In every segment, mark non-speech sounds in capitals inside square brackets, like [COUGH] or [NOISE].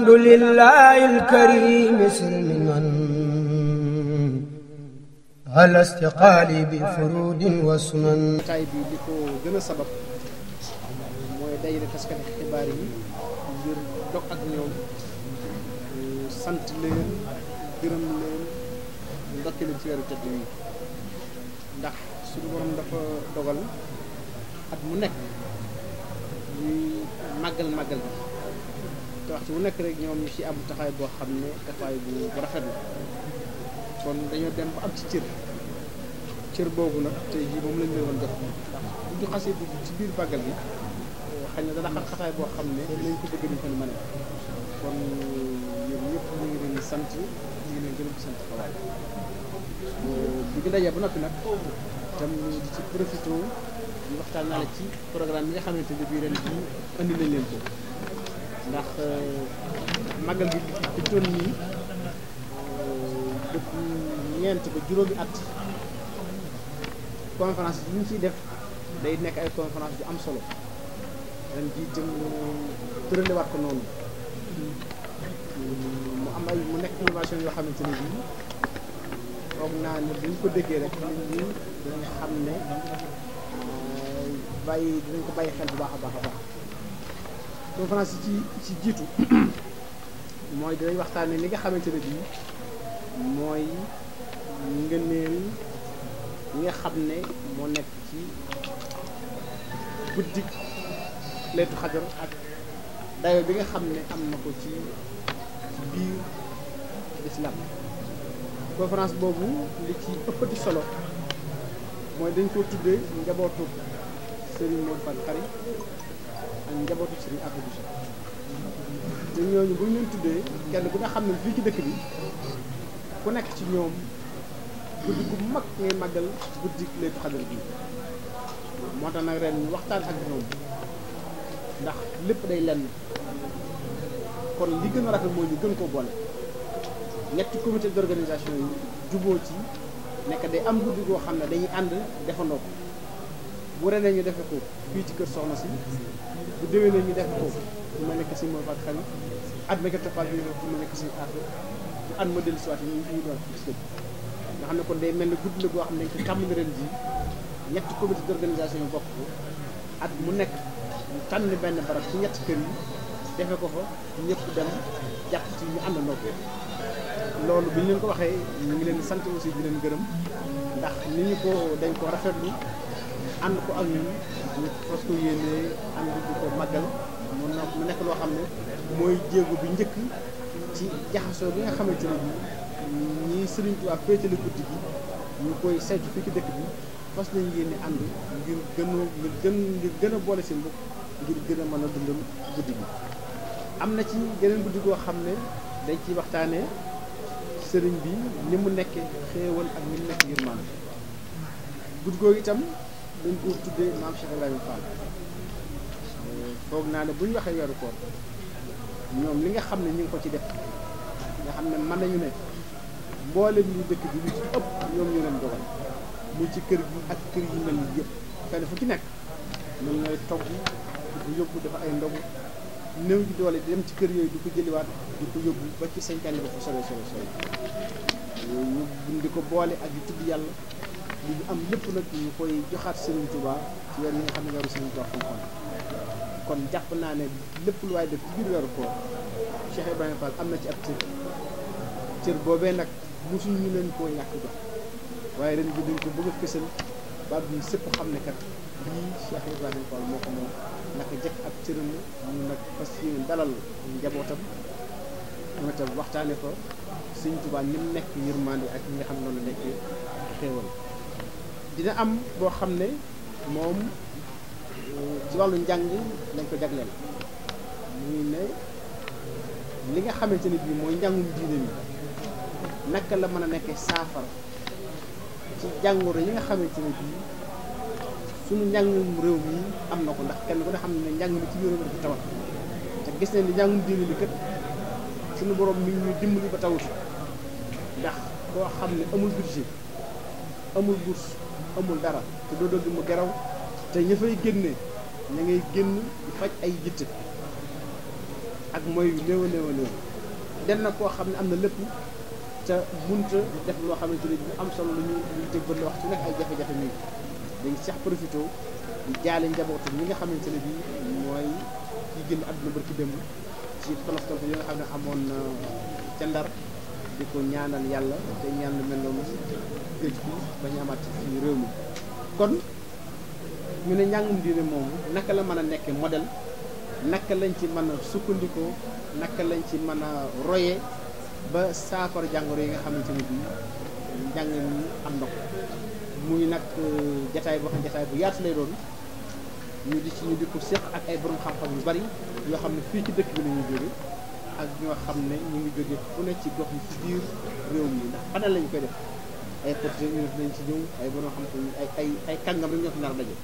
الحمد لله الكريم سلما على استقالي bi li ko gën a sabab mooy dajale taskati xibaar yi ngir dox ak ñoom sant leen gërëm leen ndokki ci weeru tedd yi ndax suñu borom dafa dogal at mu nekk ñuy màggal màggal bi te waxtu bu nekk rek ñoom ñu ci am taxawaay boo xam ne taxawaay bu bu rafet la kon dañoo dem ba am ci cër cër boobu nag tey jii moom lañ leen woon def ndax ci biir bàggal bi xëy na dana xat xataay boo xam ne lañ ko bëgg nañ ko kon ngi leen sant ñu ngi leen gërëm di sant xawaay bi ñu dajee ba noppi nag tam ñu di ci profité ñu waxtaan naa la ci programme bi nga xamante ne bii ren bii andi nañ leen ko. ndax euh, magal gi ci toon nii euh, depuis ñeent ba juróomi at conférence bi ñu ciy def day nekk ay conférence yu am solo ren jii itam tëralewaat ko noonu mu am ay mu nekk innovation yoo xamante ne bii foog naa ne buñ ko déggee rek nit ñi dañu xam ne euh, bàyyi dinañ ko bàyyi xel bu baax a baax a baax conférence yi ci ci jiitu [CLEARS THROAT] mooy dinañ waxtaane li nga xamante ne bii mooy ngëneel ñi nga xam ne moo nekk ci guddik leetu xadar ak dayo bi nga xam ne am na ko ci biir lislaam conférence boobu li ci ëppati solo mooy dañ ko tuddee njabootu Serigne Mor Fall Khary ak njabootu sëriñ Abdou Bousso te ñooñu bu ñu leen tuddee kenn ku nga xam ne fii ci dëkk bi ku nekk ci ñoom guddi gu mag ngay màggal guddi léegi xadar bi moo tax nag ren ñu waxtaan ak ñoom ndax lépp day lenn kon li gën a rafet mooy ñu gën ko bon ñetti comité d'organisation yi juboo ci nekk day am guddi goo xam ne dañuy ànd defandoo ko bu renee ñu defe ko fii ci kër soxna si bu déwénee ñu def ko bu ma nekk si moom ak xarit at ma gerte fàtte ñu def ma nekk si aar at ma dellusiwaat ñu ñu doon gis nga xam ne kon day mel ni gudd la boo xam ne dañ ko tàmm na ren jii ñetti comité d'organisation yi bokk ko at mu nekk ñu tànn benn barab ci ñetti kër yi defe ko fa ñëpp dem jàpp ci ñu àndandoo ko loolu bi ñu leen ko waxee ñu ngi leen sant aussi di leen gërëm ndax ni ñu ko dañ ko rafetlu. ànd ko ak ñun ñu fas ko yéene nekk loo xam ne mooy jéego bi njëkk ci jaxasoo bi nga xamante ne bii ñii Sëriñ Tuubaa féetale guddi gi ñu ci dëkk bi fas nañ yéene ànd gën a ngir ngir gën a boole seen bopp ngir gën a mën a dundal guddi am na ci geneen guddi goo xam ne dañ ci waxtaanee sëriñ bi ni mu nekkee xéewal ak ni mu nekk yërmande guddi googu itam dañ koo tuddee maam Cheikh Ibrahima naa ne bu ñu waxee weeru ñoom li nga xam ne ñu ngi ko ci def nga xam ne mën ne mboolem ñu dëkk lu ñoom ñu leen mu ci kër gi ak kër gi mel ni yëpp fenn fu ci nekk mën ngay togg di yóbbu dafa ay ndogu néew ji doole di dem ci kër yooyu di ko jëliwaat di ko yóbbu ba ci sañkani ba fa solo solo solo ñu di ko boole ak di tudd yàlla li ñu am lépp nag ñu koy joxaat Serigne Touba ci weer yi nga xam ne weeru Serigne Touba fonkoon kon jàpp naa ne lépp lu waay def ci biir weeru koor Cheikh Ibrahima am na ci ab cër cër nag mosuñ ñu leen koo ñàkk waaye dañ ko bëgg a ba duñ sëpp xam ne kat lii Cheikh Ibrahima Fall moo ko moom naka jëkk ab cëram la ñu nag njabootam ma tam waxtaane ko Serigne Touba mu nekk yërmande ak ñi nga xam ne noonu la nekk dina am boo xam ne moom euh, ci wàllu njàng lañ ko jagleel muy ne li nga xamante ne bii mooy njàngum diine mi naka la mën a nekkee saafara ci jàngoro yi nga xamante ne bii suñu njàngum réew mi am na ko ndax kenn ku ne xam ne njàng mi ci biir dafa tawat te gis nañ ni njàngum diine mi kat suñu borom mi ngi ñuy dimbali ba tawut ndax koo xam ne amul budget amul bourse amul dara te doo doggi mu geraw te ña fay génne ña ngay génn di faj ay jitte ak mooy yu néew a dem na koo xam ne am na lépp te munta def loo xamante ne bu am solo lu ñu luñ tëg bën wax ci nekk ay jafe-jafe nii dañ seex profité di jaale njabootu ñi nga xamante ne bi mooy ki génn àdduna bërki démb ci tolof tolof yi nga xam ne amoon na ndar di ko ñaanal yàlla te ñaan lu mel noonu gëj ko bañ amaat ci réew mi kon ñu ne njàngum diine moomu naka la mën a nekkee modèle naka lañ ci mën a sukkandikoo naka lañ ci mën a royee ba saafara jàngoro yi nga xamante ni bii njàng mi am na ko muy nag euh, jataay boo xam jataay bu yaatu lay doon ñu di ci ñu di ko séq ak ay borom xam-xam yu bari yoo xam ne fii ci dëkk bi la ñuy jóge ak ñoo xam ne ñu ngi jóge fu ne ci gox yi ci biir réew mi ndax ana lañ koy def ay projet ñu ci ñëw ay bonoo xam ay ay ay kàngam rek ñoo fi nar daje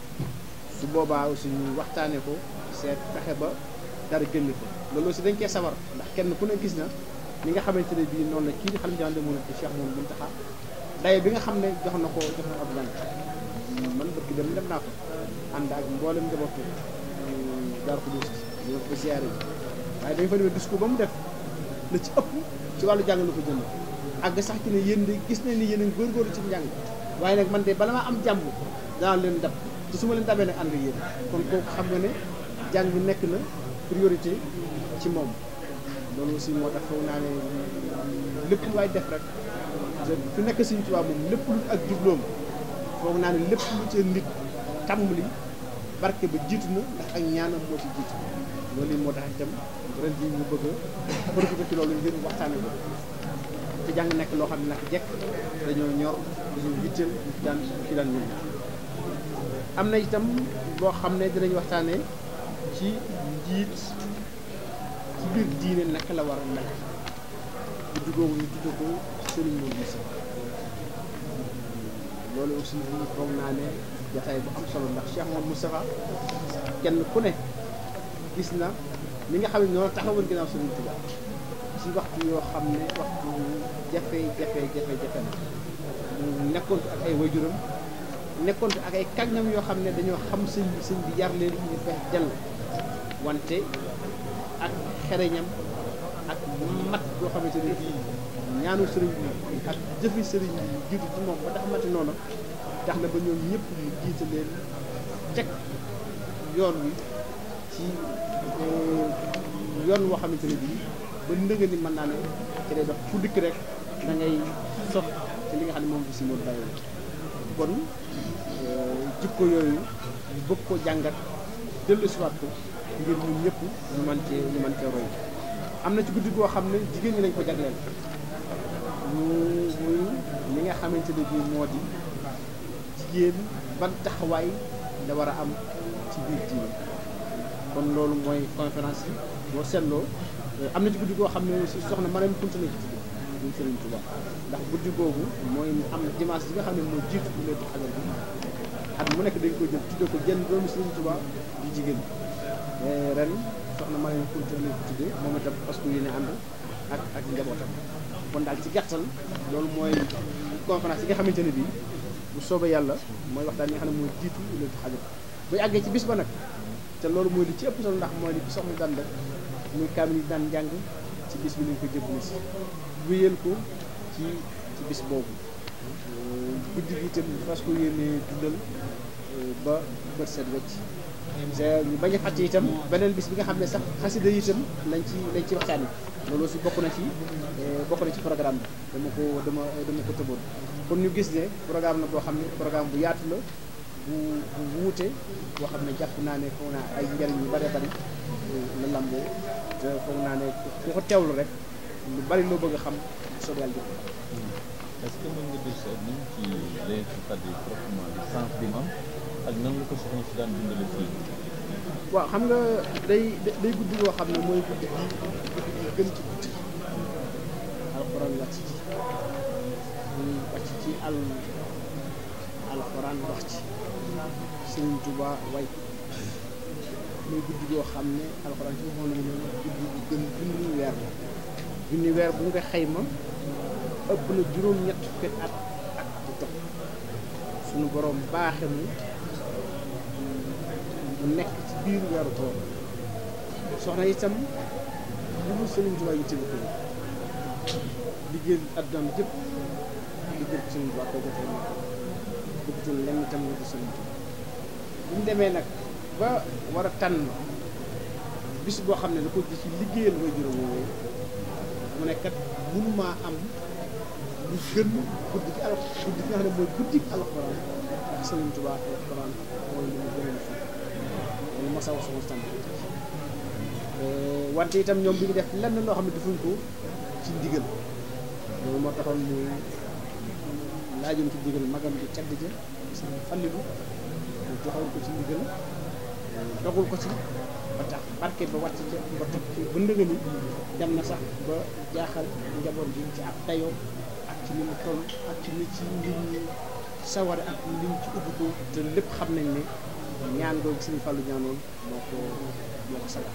su boobaa aussi ñu waxtaane ko seet pexe ba dara génn ko loolu si dañ koy sawar ndax kenn ku ne gis na li nga xamante ne bii noonu la kii di xam ne jande mën a Cheikh moom buñu taxa daye bi nga xam ne jox na ko jox na ab gan man bëgg dem dem naa ko ànd ak mboolem njabootu euh, Daaru Xudoos ñoo ko ziyaare waaye dañu fa demee discours ba mu def la ci ëpp ci wàllu jàng la ko jënd àgg sax ci ne yéen de gis nañ ni yéen a ngi góorgóorlu ci njàng waaye nag man de bala maa am jàmm danaa leen dab te su ma leen dabee nag ànd yéen kon kooku xam nga ne jàng bi nekk na priorité ci moom loolu aussi moo tax foog naa ne lépp lu waay def rek fi nekk lépp ak jubloom foog naa ne lépp lu ci nit tàmbali barke ba jiitu na ndax ak ñaanam moo ci jiitu loolu moo tax itam ren jii ñu bëgg a profité ci loolu ngir waxtaane ko te jàng nekk loo xam ne nag jekk dañoo ñor dañu yitteel daan ci daan am na itam loo xam ne dinañ waxtaane ci jiit ci biir diine naka la war a nekk bu duggoo ñu tudde ko sëriñ moom gis loolu aussi foog naa ne jataay bu am solo ndax Cheikh Mouhamed Moustapha kenn ku ne gis na li nga xam ne noonu taxawoon ginnaaw Sëriñ Tuubaa ci waxtu yoo xam ne waxtu jafe jafe jafe jafe na mu nekkoon ak ay wajuram nekkoon ak ay kàngam yoo xam ne dañoo xam sëñ bi bi yar leen ñu fex jàll wante ak xereñam ak mat yoo xamante ne bii ñaanu sëriñ bi ak jëfi sëriñ bi jiitu ci moom ba tax mati noonu tax na ba ñoom ñëpp ñu jiite leen teg yoon wi ci euh, yoon woo xamante ne bii ba ndëgë ni mën naa ne ci lay fu dikk rek da ngay sof li nga xam ne moom bi si moom bàyyi kon euh, jikko yooyu ñu bëgg ko jàngat dellu siwaat ko ngir ñun ñëpp ñu mën cee roy am na ci guddi goo xam ne jigéen ñi lañ ko jagleel ñu muy li nga xamante ne bii moo di jigéen ban taxawaay da war a am ci biir diine kon loolu mooy conférence yi boo seetloo euh, am na ci guddi goo xam ne si soxna Mariam Kunta la ci tudd moom Serigne Touba ndax guddi googu mooy am dimanche bi nga xam ne moo jiitu bu nekk xagal bi at mu nekk dañ ko jël tuddee ko jenn doomu Serigne Touba di jigéen euh, ren soxna Mariam Kunta lañ ko tuddee moom itam parce que yéen a ànd ak ak njabootam kon daal ci gàttal loolu mooy conférence yi nga xamante ne bii bu soobee yàlla mooy waxtaan yi nga xam ne mooy jiitu léegi xajar bu yàggee ci bis ba nag te loolu mooy li ci ëpp solo ndax mooy li soxna daan def muy kaamil yi daan njàng ci bis bi lañ ko jëblu si wéyal ko ci ci bis boobu guddi gi itam fas ko yéenee dundal euh, ba bët set wecc ñu bañ a fàtte itam beneen bis bi nga xam ne sax xasida itam lañ ci lañ ci waxtaan yi loolu si bokk na ci euh, bokk ci programme bi dama ko dama dama ko tëboon kon ñu gis ne programme la boo xam ne programme bu yaatu la bu bu wuute boo xam ne jàpp naa ne xaw naa ay njariñ yu bare bari euh, la lamboo foog naa ne ku ko teewlu rek lu bari loo bëgg a xam soob yàlla jëf est-ce que mën nga dir sa niñ ci les c'est-à-dire proprement di sens bi mu am ak nan la ko soxna si daan dundale fii waaw xam nga day day guddi goo xam ne mooy guddi gi gën ci guddi alxuraan wàcc ci ñu wàcc ci al alxuraan wax ci Sëriñ Tuubaa way muy guddi yoo xam ne alxuraan ci waxoon nañu ne guddi bu gën junni weer junni weer bu nga xayma ëpp na juróom-ñett fukki at ak bu topp suñu borom baaxe mu nekk ci biir weeru soxna itam li mu sëriñ Tuubaa yitteel ko liggéey addunaam yëpp liggéey suñu itam lu ko sëriñ bu ñu demee nag ba war a tànn bis boo xam ne da ko gis ci liggéeyal way juróom woowu mu ne kat mënumaa am lu gën guddi ci al mooy guddi alxuraan ak Sëriñ Tuubaa alxuraan mooy lu mu saw fi loolu eh, wante itam ñoom bi ngi def lenn loo xam ne defuñ ko ci ndigal loolu moo taxoon mu laajoon ci ndigal magam bi cadd ja Sëriñ Fallilu mu joxoon ko ci ndigal dogul ko ci ba tax barke ba wàcc ci ba toj ba ndëgëni dem na sax ba jaaxal njaboot bi ci ab dayoo ak ci ni mu toll ak ci ni ci nit saware ak liñ ci ubbi ko te lépp xam nañ ne ñaan googu Sëriñ Fallu ñaanoon moo ko moo ko sagal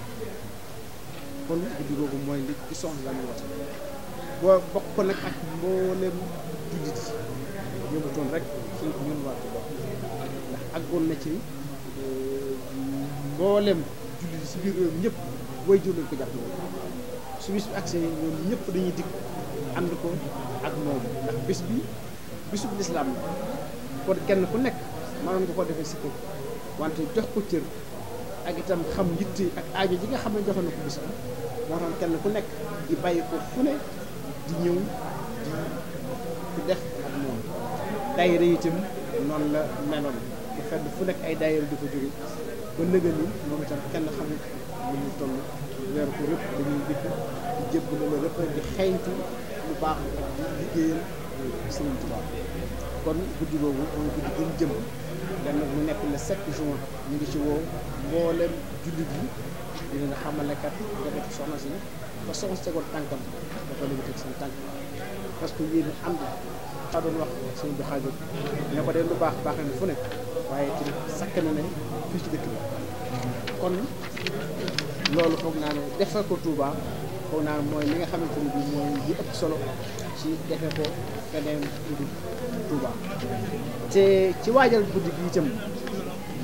kon guddi googu mooy li ci soxla la ñu boo bokk ko nag ak mboolem jullit yëngutoon rek ci ñun war ko bokk ndax àggoon na ci mboolem jullit si biir réew mi ñëpp way jur lañ ko jàpp su bis bi accès ñoom ñëpp dañuy dikk ànd ko ak moom ndax bis bi bisub lislaam la kon kenn ku nekk mënoon nga ko defee si wante jox ko cër ak itam xam yitte ak aajo ji nga xam ne joxe na kenn ku nekk di bàyyi ko fu ne di ñëw di def ak moom daayira itam noonu la meloon bu fenn fu nekk ay daayira di ko jóge ba nëgën yi moom itam kenn xamul lu ñu toll weeru ko rëpp dañuy dikk di jëpp lu lépp rek di xeeñtu lu baax ak kon guddi googu mooy guddi lenn mu nekk le 7 juin ñu ngi ci woo mboolem jullit yi di leen xamale nga def soxna si fa soxna si tegoon tànkam dafa leen teg seen tànk parce que yéen am na fa doon wax suñu doxalin ne ko dee lu baax baax na fu nekk. waaye tamit sakk na ne fii ci dëkk bi kon loolu foog naa ne defee ko Touba foog naa mooy li nga xamante ni bii mooy li ëpp solo ci defee ko feneen guddi Touba te ci waajal guddi gi itam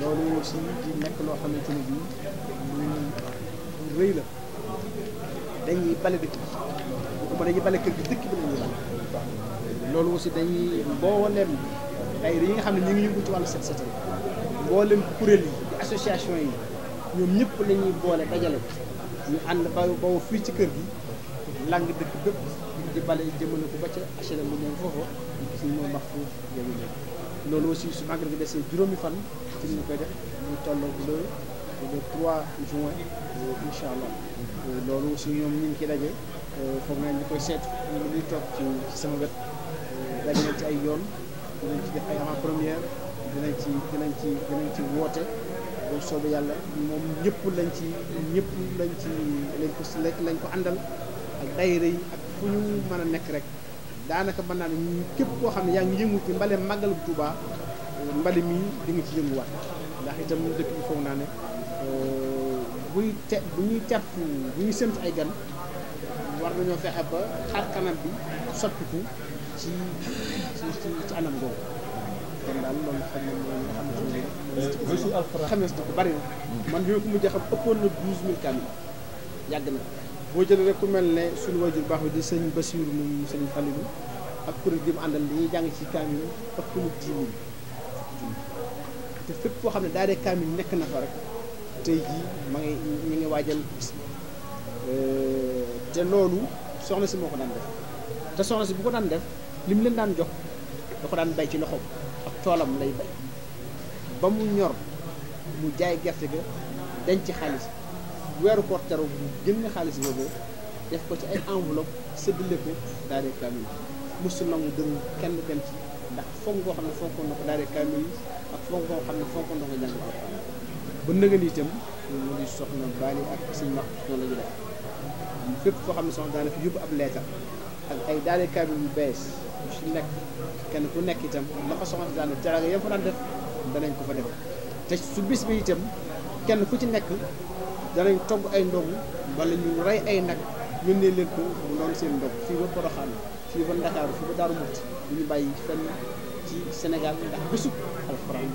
loolu aussi di nekk loo xamante ni bii lu rëy la dañuy bale dëkk bi bu ko dañuy bale kër gi dëkk bi la ñuy bale loolu aussi dañuy mbooleem daayira yi nga xam ne ñu ngi yëngu ci wàllu set setal mboolem kuréel yi association yi ñoom ñëpp la ñuy boole dajale ñu ànd ba bawo fii ci kër gi lang dëkk bépp di bale jëmale ko ba ca HLM mu ñëw foofu suñu moom loolu aussi su magal gi desee juróomi fan ci ñu koy def ñu tolloo le le 3 juin incha allah loolu aussi ñoom ñu ngi ciy daje foog naa ñu koy seet ñu ngi toog ci sama wet daje ci ay yoon dinañ ci ay avant première dinañ ci dinañ ci dinañ ci woote bu soobee yàlla moom ñëpp lañ ci ñëpp lañ ci lañ ko lañ ko àndal ak daayira yi ak fu ñu mën a nekk rek daanaka mën naa ne képp koo xam ne yaa ngi yëngu ci mbale màggal bu Tuubaa mbale mii di nga ci yënguwaat ndax itam dëkk bi foog naa ne euh, buy te bu ñuy tepp bu ñuy séntu ay gan war nañoo fexe ba xar kanam bi soppiku ci ci anam googu kon daal loolu xam ne mooy nga xamante ne bii. xamees na ko bari hmm. man bi ma ko mujj xam ëppoon na douze mille kaamil yàgg na boo jëlee rek ku mel ne suñu wajur baax bi di sëñ Basiiru moom sëñ Falilu ak kuréel gi mu àndal li ñuy jàng ci kaamil ëpp na dix mille te fépp foo xam ne daa dee kaamil nekk na fa rek tey jii ma ngi ñu ngi waajal bis euh, te loolu soxna si moo ko daan def te soxna si bu ko daan def li leen daan jox da ko daan bay ci loxoom ak toolam lay bay ba mu ñor mu jaay gerte ga denc xaalis weeru koor teru bu génn xaalis boobu def ko ci ay enveloppe séddale ko daare kaamil musu nangu dëru kenn kenn ndax foog ngoo xam ne fonkoon na ko daare kaamil yi ak foog ngoo xam ne fonkoon ba nëgën itam mu ngi soxna baali ak suñu max noonu la fépp foo xam ne soxna daana fi yóbbu ab leetar ak ay daare kaamil yu bees lu nekk kenn ku nekk itam la ko soxna si daan def teraanga yëpp def danañ ko fa def te su bis bi itam kenn ku ci nekk danañ togg ay ndogu wala ñu rey ay nag yónnee leen ko mu doon seen ndog fii ba Porokhane fii ba Ndakaaru fii ba Daaru Muxti du bàyyi fenn ci Sénégal ndax bésub alxuraan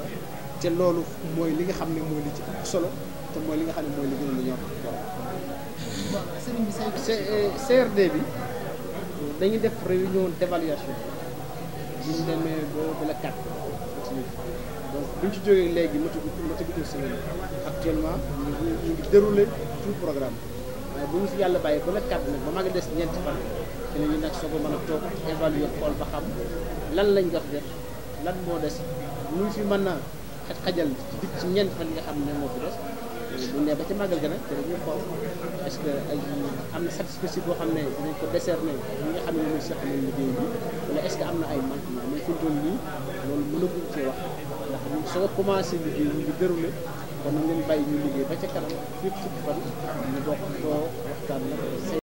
te loolu mooy li nga xam ne mooy li ci solo te mooy li nga xam ne mooy li gën a lu ñor CRD bi dañu def réunion d'évaluation bi ñu demee ba la quatre donc bu ñu ci jógee léegi ma tugg ma tugg semaine actuellement ñu ngi ñu ngi déroulé tout programme waaye bu ñu fi yàlla bàyyi ba la quatre nag ba maa ngi des ñeenti fan te la ñu nag soo ko mën a toog évaluer xool ba xam lan lañ dox def lan moo des lu ñu fi mën a xaj xajal ci digg ci fan yi nga xam ne moo fi des bu ñu nee ba ci màggal gi nag dinañu xool est-ce que ay am na satisfaction boo xam ne dinañ ko décerner xam ne ñooy seqal nañ liggéey bi wala est-ce que am na ay manquement mais fi mu toll nii loolu mënaguñ cee wax ndax ñun soo commencé liggéey ñu ngi déroulé kon nañ bàyyi ñu liggéey ba ca kanam fépp fukki fan ñu bokk koo waxtaan nag